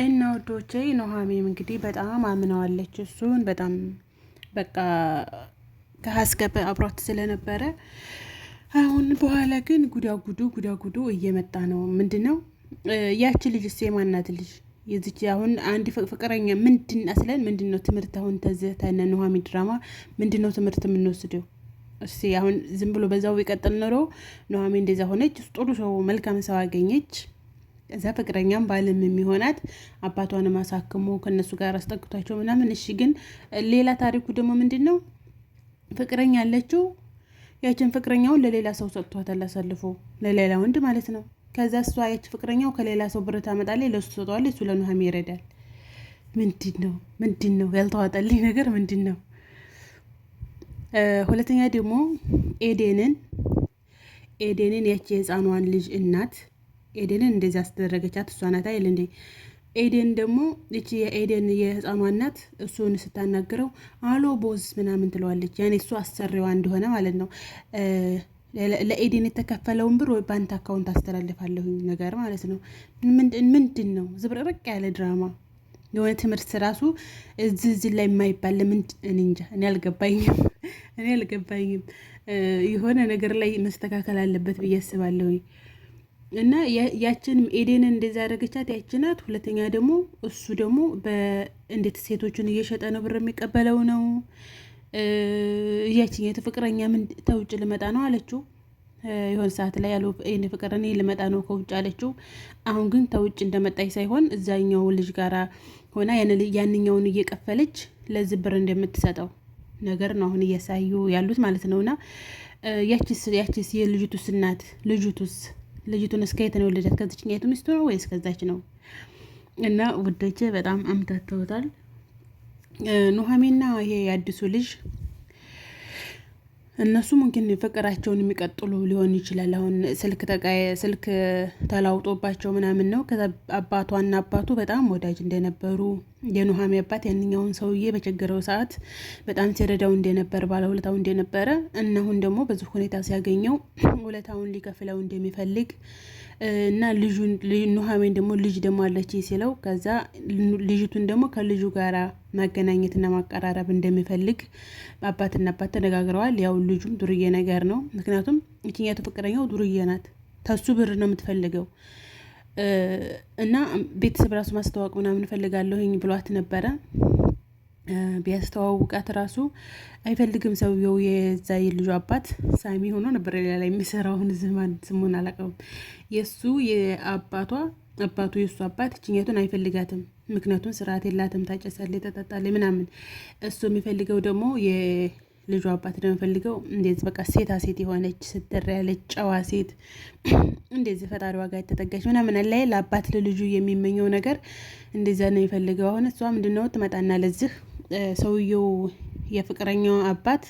እና ወዶቼ ኑሃሚን እንግዲህ በጣም አምነዋለች እሱን በጣም በቃ ከሀስገበ አብሯት ስለነበረ አሁን በኋላ ግን ጉዳጉዱ ጉዳጉዱ እየመጣ ነው። ምንድን ነው ያቺ ልጅ ስ የማናት ልጅ የዚች አሁን አንድ ፍቅረኛ ምንድን አስለን ምንድን ነው ትምህርት አሁን ተዘተነ ተነ ድራማ ምንድን ነው ትምህርት የምንወስደው? እስ አሁን ዝም ብሎ በዛው ቢቀጥል ኖሮ ኑሃሚን እንደዛ ሆነች፣ ጥሩ ሰው መልካም ሰው አገኘች። እዛ ፍቅረኛም ባልም የሚሆናት አባቷንም አሳክሞ ከነሱ ጋር አስጠግቷቸው ምናምን። እሺ ግን ሌላ ታሪኩ ደግሞ ምንድን ነው? ፍቅረኛ አለችው? ያችን ፍቅረኛውን ለሌላ ሰው ሰጥቷታል፣ አሳልፎ ለሌላ ወንድ ማለት ነው። ከዛ እሷ ያች ፍቅረኛው ከሌላ ሰው ብር ታመጣለች፣ ለሱ ትሰጠዋለች፣ እሱ ለኑሀሚን ይረዳል። ምንድን ነው ምንድን ነው ያልተዋጠልኝ ነገር ምንድን ነው? ሁለተኛ ደግሞ ኤዴንን ኤዴንን ያቺ የህፃኗን ልጅ እናት ኤደንን እንደዚህ አስደረገቻት እሷ ናት አይል እንዴ? ኤደን ደግሞ ይቺ የኤደን የህፃኗ እናት እሱን ስታናግረው አሎ ቦዝ ምናምን ትለዋለች። ያኔ እሱ አሰሪዋ እንደሆነ ማለት ነው። ለኤደን የተከፈለውን ብር ወይ አካውንት አስተላልፋለሁ ነገር ማለት ነው። ምንድን ነው ዝብርቅርቅ ያለ ድራማ የሆነ ትምህርት ራሱ እዚህ ላይ የማይባል ለምንድን እንጃ፣ እኔ አልገባኝም፣ እኔ አልገባኝም። የሆነ ነገር ላይ መስተካከል አለበት ብዬ አስባለሁ። እና ያችን ኤዴን እንደዚ ያደረገቻት ያችናት። ሁለተኛ ደግሞ እሱ ደግሞ እንዴት ሴቶችን እየሸጠ ነው ብር የሚቀበለው ነው። እያችኛቱ ፍቅረኛ ምን ተውጭ ልመጣ ነው አለችው። የሆነ ሰዓት ላይ ያለው ይህን ፍቅር እኔ ልመጣ ነው ከውጭ አለችው። አሁን ግን ተውጭ እንደመጣች ሳይሆን እዛኛው ልጅ ጋራ ሆና ያንኛውን እየቀፈለች ለዚህ ብር እንደምትሰጠው ነገር ነው አሁን እያሳዩ ያሉት ማለት ነውና ያቺስ ያቺስ የልጅቱስ እናት ልጅቱስ ልጅቱን እስከ የት ነው የወለዳት? ከዚችኛይቱ ሚስቱ ነው ወይስ ከዛች ነው? እና ውዶቼ በጣም አምታተውታል ኑሐሚንና ይሄ የአዲሱ ልጅ እነሱ ምንግን ፍቅራቸውን የሚቀጥሉ ሊሆን ይችላል። አሁን ስልክ ተቃየ ስልክ ተላውጦባቸው ምናምን ነው። ከዛ አባቷና አባቱ በጣም ወዳጅ እንደነበሩ የኑሃሜ አባት ያንኛውን ሰውዬ በቸገረው ሰዓት በጣም ሲረዳው እንደነበር ባለውለታው እንደነበረ እና አሁን ደግሞ በዚህ ሁኔታ ሲያገኘው ውለታውን ሊከፍለው እንደሚፈልግ እና ልጁን ኑሐሚን ደግሞ ልጅ ደግሞ አለች ሲለው ከዛ ልጅቱን ደግሞ ከልጁ ጋር ማገናኘትና ማቀራረብ እንደሚፈልግ አባትና አባት ተነጋግረዋል። ያው ልጁም ዱርዬ ነገር ነው። ምክንያቱም የትኛቱ ፍቅረኛው ዱርዬ ናት፣ ተሱ ብር ነው የምትፈልገው እና ቤተሰብ ራሱ ማስተዋወቅ ምናምን እፈልጋለሁኝ ብሏት ነበረ። ቢያስተዋውቃት ራሱ አይፈልግም ሰውየው። የዛ የልጁ አባት ሳሚ ሆኖ ነበር ሌላ ላይ የሚሰራውን ዝማን ስሙን አላውቀውም። የእሱ የአባቷ አባቱ የእሱ አባት ይችኛቱን አይፈልጋትም። ምክንያቱም ስርዓት የላትም፣ ታጨሳለች፣ ተጠጣለች ምናምን። እሱ የሚፈልገው ደግሞ የልጁ አባት ደግሞ የሚፈልገው እንደዚህ በቃ ሴታ ሴት የሆነች ስትር ያለች ጨዋ ሴት እንደዚህ ፈጣሪ ዋጋ የተጠጋች ምናምን ላይ ለአባት ለልጁ የሚመኘው ነገር እንደዚያ ነው የሚፈልገው። አሁን እሷ ምንድነው ትመጣና ለዚህ ሰውየው የፍቅረኛው አባት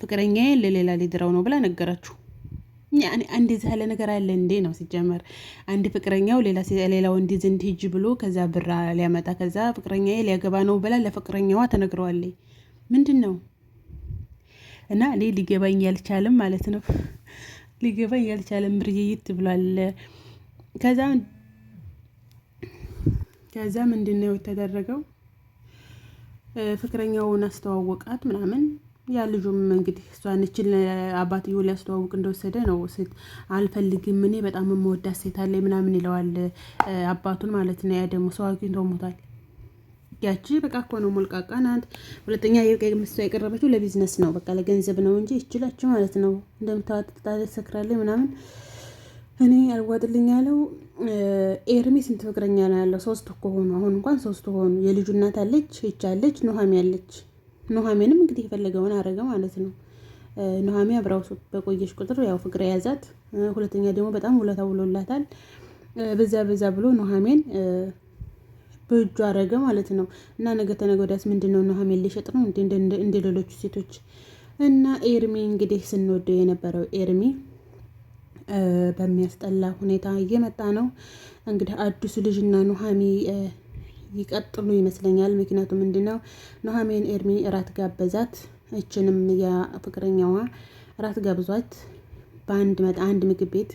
ፍቅረኛዬን ለሌላ ሊድራው ነው ብላ ነገረችው። እንደዚህ ያለ ነገር አለ እንዴ? ነው ሲጀመር አንድ ፍቅረኛው ሌላ ወንድ ዘንድ ሂጅ ብሎ ከዛ ብራ ሊያመጣ ከዛ ፍቅረኛዬ ሊያገባ ነው ብላ ለፍቅረኛዋ ተነግረዋለች። ምንድን ነው እና እኔ ሊገባኝ ያልቻለም ማለት ነው ሊገባኝ ያልቻለም ብርይይት ብሏል። ከዛ ከዛ ምንድን ነው የተደረገው? ፍቅረኛውን አስተዋወቃት ምናምን ያ ልጁም እንግዲህ እሷን እችን አባትየው ሊያስተዋውቅ እንደወሰደ ነው። ሴት አልፈልግም እኔ በጣም የምወዳት ሴት አለኝ ምናምን ይለዋል አባቱን ማለት ነው። ያ ደግሞ ሰው አግኝቶ ሞታል። ያቺ በቃ እኮ ነው ሞልቃቃ ናት። ሁለተኛ ምስ የቀረበችው ለቢዝነስ ነው፣ በቃ ለገንዘብ ነው እንጂ ይችላችሁ ማለት ነው እንደምታወጣ ሰክራለ ምናምን እኔ አልዋጥልኝ ያለው ኤርሚ ስንት ፍቅረኛ ነው ያለው? ሶስት እኮ ሆኑ። አሁን እንኳን ሶስት ሆኑ። የልጁ እናት አለች፣ ይቻለች፣ ኑሃሜ አለች። ኑሃሜንም እንግዲህ የፈለገውን አረገ ማለት ነው። ኑሃሜ አብራው በቆየች ቁጥር ያው ፍቅር የያዛት፣ ሁለተኛ ደግሞ በጣም ውለታ ውሎላታል። በዛ በዛ ብሎ ኑሃሜን በእጁ አረገ ማለት ነው። እና ነገ ተነገ ወዲያስ ምንድን ነው ኑሃሜን ሊሸጥ ነው እንደ ሌሎቹ ሴቶች እና ኤርሚ እንግዲህ ስንወደው የነበረው ኤርሚ በሚያስጠላ ሁኔታ እየመጣ ነው። እንግዲህ አዲሱ ልጅና ኑሐሚ ይቀጥሉ ይመስለኛል። ምክንያቱም ምንድን ነው ኑሐሚን ኤርሚ እራት ጋበዛት፣ እችንም የፍቅረኛዋ እራት ጋብዟት በአንድ መጣ አንድ ምግብ ቤት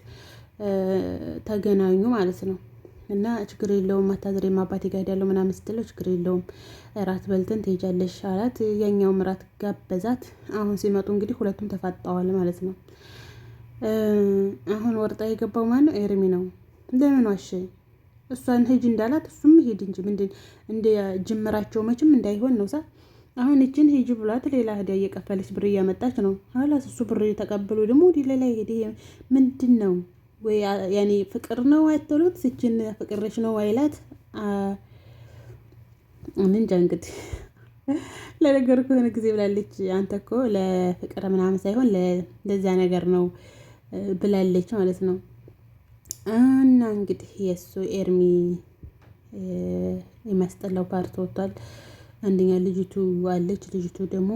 ተገናኙ ማለት ነው። እና ችግር የለውም አታዝሬም አባቴ ጋር ሄዳለሁ ምናምን ስትለው ችግር የለውም እራት በልተን ትሄጃለሽ አላት። ያኛውም እራት ጋበዛት። አሁን ሲመጡ እንግዲህ ሁለቱም ተፋጠዋል ማለት ነው። አሁን ወርጣ የገባው ማን ነው? ኤርሚ ነው። ለምን ዋሸ? እሷን ሂጅ እንዳላት እሱም ሂድ እንጂ ምንድን እንደ ጅምራቸው መቼም እንዳይሆን ነው። ሳ አሁን እችን ሂጅ ብሏት ሌላ ህዲያ እየቀፈለች ብር እያመጣች ነው። ኋላስ እሱ ብር ተቀብሎ ደግሞ ወደ ሌላ ሄደ። ምንድን ነው ወይ ያኔ ፍቅር ነው አይተሉት ስችን ፍቅርሽ ነው አይላት። እኔ እንጃ እንግዲህ ለነገሩ ከሆነ ጊዜ ብላለች። አንተ እኮ ለፍቅር ምናምን ሳይሆን ለዛ ነገር ነው ብላለች ማለት ነው። እና እንግዲህ የእሱ ኤርሚ የማስጠላው ፓርት ወጥቷል። አንደኛ ልጅቱ አለች። ልጅቱ ደግሞ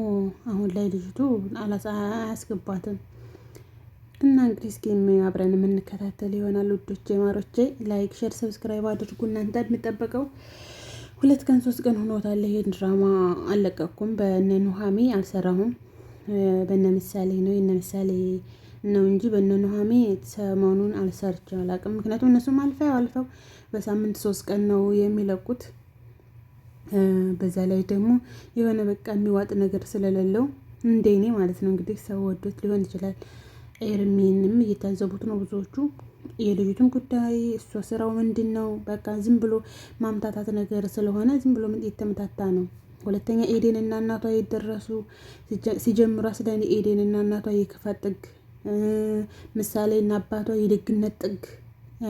አሁን ላይ ልጅቱ አያስገባትም። እና እንግዲህ እስኪ አብረን የምንከታተል ይሆናል። ውዶቼ ማሮቼ፣ ላይክ፣ ሼር፣ ሰብስክራይብ አድርጉ። እናንተ የሚጠበቀው ሁለት ቀን ሶስት ቀን ሆኖታል። ይሄን ድራማ አለቀኩም። በነ ኑሃሚ አልሰራሁም። በነ ምሳሌ ነው የነ ምሳሌ ነው እንጂ በእነ ኑሃሜ ሰሞኑን አልሰርቼ አላውቅም። ምክንያቱም እነሱም አልፈው አልፈው በሳምንት ሶስት ቀን ነው የሚለቁት። በዛ ላይ ደግሞ የሆነ በቃ የሚዋጥ ነገር ስለሌለው እንደኔ ማለት ነው እንግዲህ ሰው ወዶት ሊሆን ይችላል። ኤርሚንም እየታዘቡት ነው ብዙዎቹ። የልጅቱን ጉዳይ እሷ ስራው ምንድን ነው? በቃ ዝም ብሎ ማምታታት ነገር ስለሆነ ዝም ብሎ የተመታታ ነው። ሁለተኛ ኤዴን እና እናቷ የደረሱ ሲጀምሯ ስለ ኤዴን እና እናቷ የክፋት ጥግ ምሳሌ እና አባቷ የደግነት ጥግ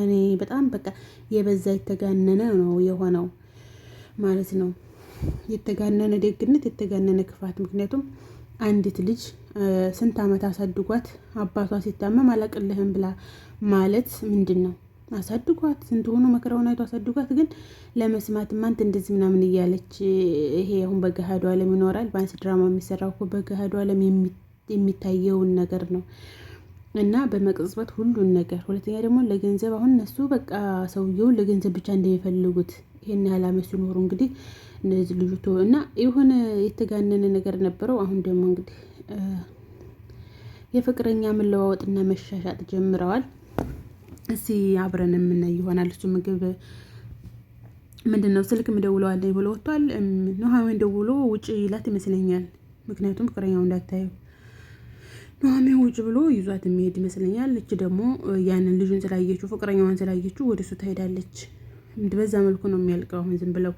እኔ በጣም በቃ የበዛ የተጋነነ ነው የሆነው ማለት ነው። የተጋነነ ደግነት፣ የተጋነነ ክፋት። ምክንያቱም አንዲት ልጅ ስንት ዓመት አሳድጓት አባቷ ሲታመም አላቅልህም ብላ ማለት ምንድን ነው? አሳድጓት ስንት ሆኖ መከራውን አይቶ አሳድጓት፣ ግን ለመስማት ማንት እንደዚህ ምናምን እያለች ይሄ አሁን በገሃዱ ዓለም ይኖራል። በአንስ ድራማ የሚሰራው እኮ በገሃዱ ዓለም የሚታየውን ነገር ነው። እና በመቅጽበት ሁሉን ነገር። ሁለተኛ ደግሞ ለገንዘብ አሁን እነሱ በቃ ሰውየውን ለገንዘብ ብቻ እንደሚፈልጉት ይህን ያህል አመት ሲኖሩ እንግዲህ እነዚህ ልጅቶ እና የሆነ የተጋነነ ነገር ነበረው። አሁን ደግሞ እንግዲህ የፍቅረኛ መለዋወጥና መሻሻጥ ጀምረዋል። እስቲ አብረን የምናይ ይሆናል። እሱ ምግብ ምንድን ነው ስልክ ምደውለዋለኝ ብሎ ወጥቷል። ኑሐሚን ደውሎ ውጭ ይላት ይመስለኛል። ምክንያቱም ፍቅረኛው እንዳታየው ኑሐሚን ውጭ ብሎ ይዟት የሚሄድ ይመስለኛል። እች ደግሞ ያንን ልጁን ስላየችው ፍቅረኛዋን ስላየችው ወደ እሱ ትሄዳለች። በዛ መልኩ ነው የሚያልቀው። አሁን ዝም ብለው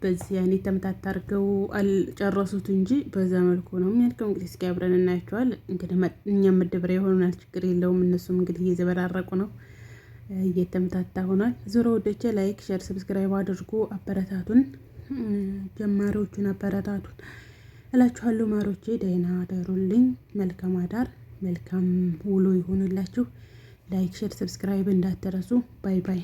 በዚህ ያኔ ተመታት አድርገው አልጨረሱት እንጂ በዛ መልኩ ነው የሚያልቀው። እንግዲህ እስኪ አብረን እናያቸዋል። እንግዲህ እኛ መደበሪያ የሆኑናል፣ ችግር የለውም። እነሱም እንግዲህ እየዘበራረቁ ነው፣ እየተመታታ ሆኗል። ዞሮ ወደቼ ላይክ፣ ሸር፣ ሰብስክራይብ አድርጎ አበረታቱን፣ ጀማሪዎቹን አበረታቱን። እላችኋለሁ። ማሮቼ ደህና አደሩልኝ። መልካም አዳር፣ መልካም ውሎ ይሆንላችሁ። ላይክ፣ ሼር፣ ሰብስክራይብ እንዳትረሱ። ባይ ባይ።